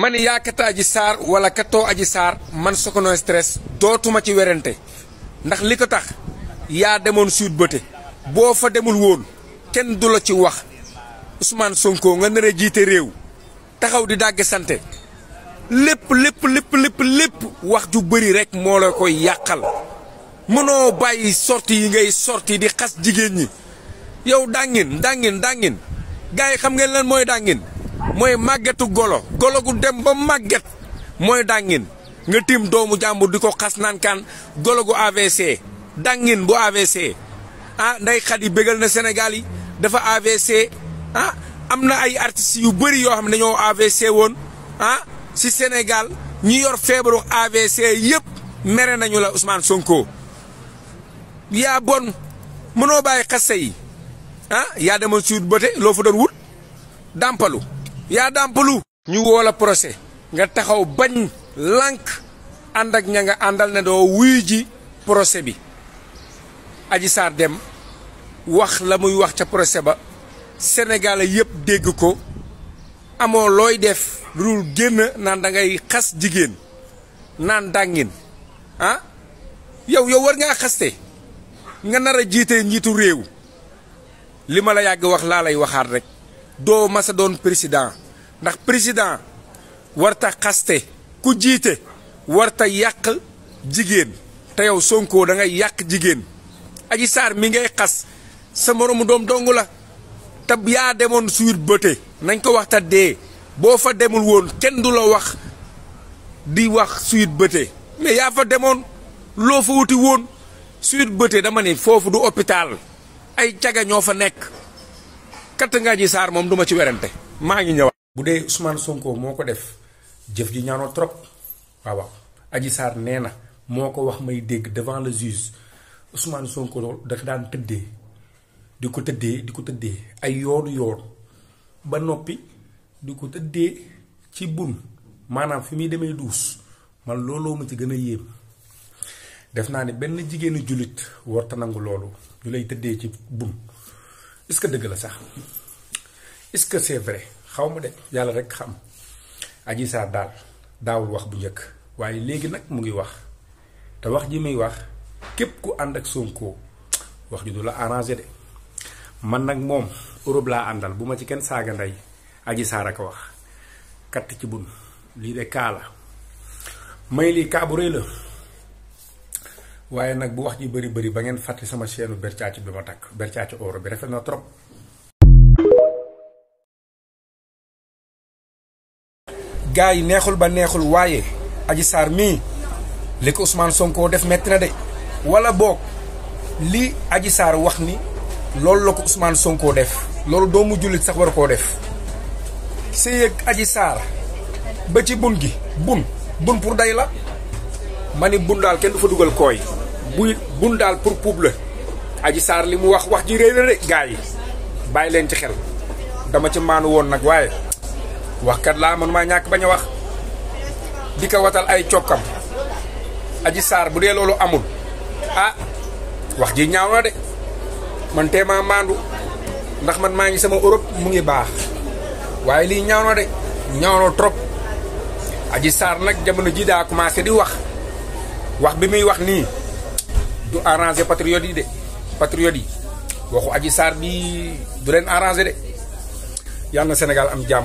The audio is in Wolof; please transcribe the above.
ma ne yaa katoo aji saar wala katoo aji saar man Sokono stress dootuma ci werante ndax li ko tax yaa demoon Sweet Beauté boo fa demul woon kenn du la ci wax Ousmane sonkoo nga nar jiite réew taxaw di dàgge sante lépp lépp lépp lépp lépp wax ju bëri rek moo la koy yàqal mënoo bàyyi sorti yi ngay sorti di xas jigéen ñi yow dàngin dàngin dàngin gars yi xam ngeen leen mooy dàngin mooy màggetu golo golo gu dem ba màgget mooy dàngin nga tiim doomu jàmbur di ko xas naan kaan golo gu AVC dàngin bu AVC ah nday xat yi bégal na Sénégal yi dafa AVC ah am na ay artistes yu bëri yoo xam ne dañoo AVC woon a ah, si Sénégal ñu yor feebaru AVC yëpp mere nañu la Ousmane Sonko yaa bon mënoo bàyyi xase yi ah yaa demoon si wut bote loo fa doon wut dàmpalu yaa dàmpalu ñu woo la nga taxaw bañ lànk ànd ak ña nga àndal ne doo wuy ji procès bi aji Sarr dem wax la muy wax ca procès ba sénégalais yëpp dégg ko amoo looy def dul génn naan dangay xas jigéen naan dàngin ah yow yow war ngaa xaste nga nar a jiite njiitu réew li ma la yàgg wax laa lay waxaat rek doo masa doon président ndax président warta xaste ku jiite warta yàq jigéen te yow Sonko da ngay yàq jigéen Adji Sarr mi ngay xas sa moromu doom dong la te yaa demoon suite bëte nañ ko wax te dee boo fa demul woon kenn du la wax di wax suite bëte mais yaa fa demoon loo fa wuti woon suite bëte dama ne foofu du hôpital ay caga ñoo fa nekk katt nga Adji saar moom du ma ci werante maa ngi ñëwaat bu dee Ousmane Sonko moo ko def jëf ji ñaanoo trop waaw waaw Adji Sarr nee na moo ko wax may dégg devant le juge Ousmane Sonko dafa daan tëddee di ko tëddee di ko tëddee ay yoonu yoon ba noppi di ko tëddee ci bun maanaam fi muy demee duus man looloo ma ci gën a yéem def naa ne benn jigéenu jullit warta nangu loolu ñu lay tëddee ci bun est-ce que dëgg la sax est-ce que c'est vrai. xaw ma de yàlla rek xam Adji Sarr daal daawul wax bu njëkk waaye léegi nag mu ngi wax te wax ji muy wax képp ku ànd ak Sonko wax ji du la arange de man nag moom Europe laa àndal bu ma ci kenn saaga ndey Adji Sarr ak wax katt ci bun lii de kaala la may lii kaa bu rëy la waaye nag bu wax ji bëri bari ba ngeen fàtte sama seenu bercaacu bi ma takk bercaacu oro bi rafet na trop gars yi neexul ba neexul waaye Adji Sarr mii li ko Ousmane Sonko def metti de wala boog li ajisaar wax ni loolu la ko Ousmane Sonko def loolu doo mu jullit sax war koo def sëy ak ba ci bun gi bun bun pour day la ma ni bun daal kenn du fa dugal kooy buy bun daal pour puub la Adji Sarr li mu wax wax ji réy la de gars yi bàyyi leen ci xel dama ci maanu woon nag waaye waxkat laa mënu maa ñàkk bañ a wax di ko watal ay cokkam aji saar bu dee loolu amul ah wax ji ñaaw na de man tee maa ndax man maa ngi sama Europe mu ngi baax waaye lii ñaaw na de ñaaw na trop aji saar nag jamono ji daa commencé di wax wax bi muy wax nii du arrangé patriotes yi de patriotes yi waxu aji saar bi du leen arrangé de yàlla na Sénégal am jàmm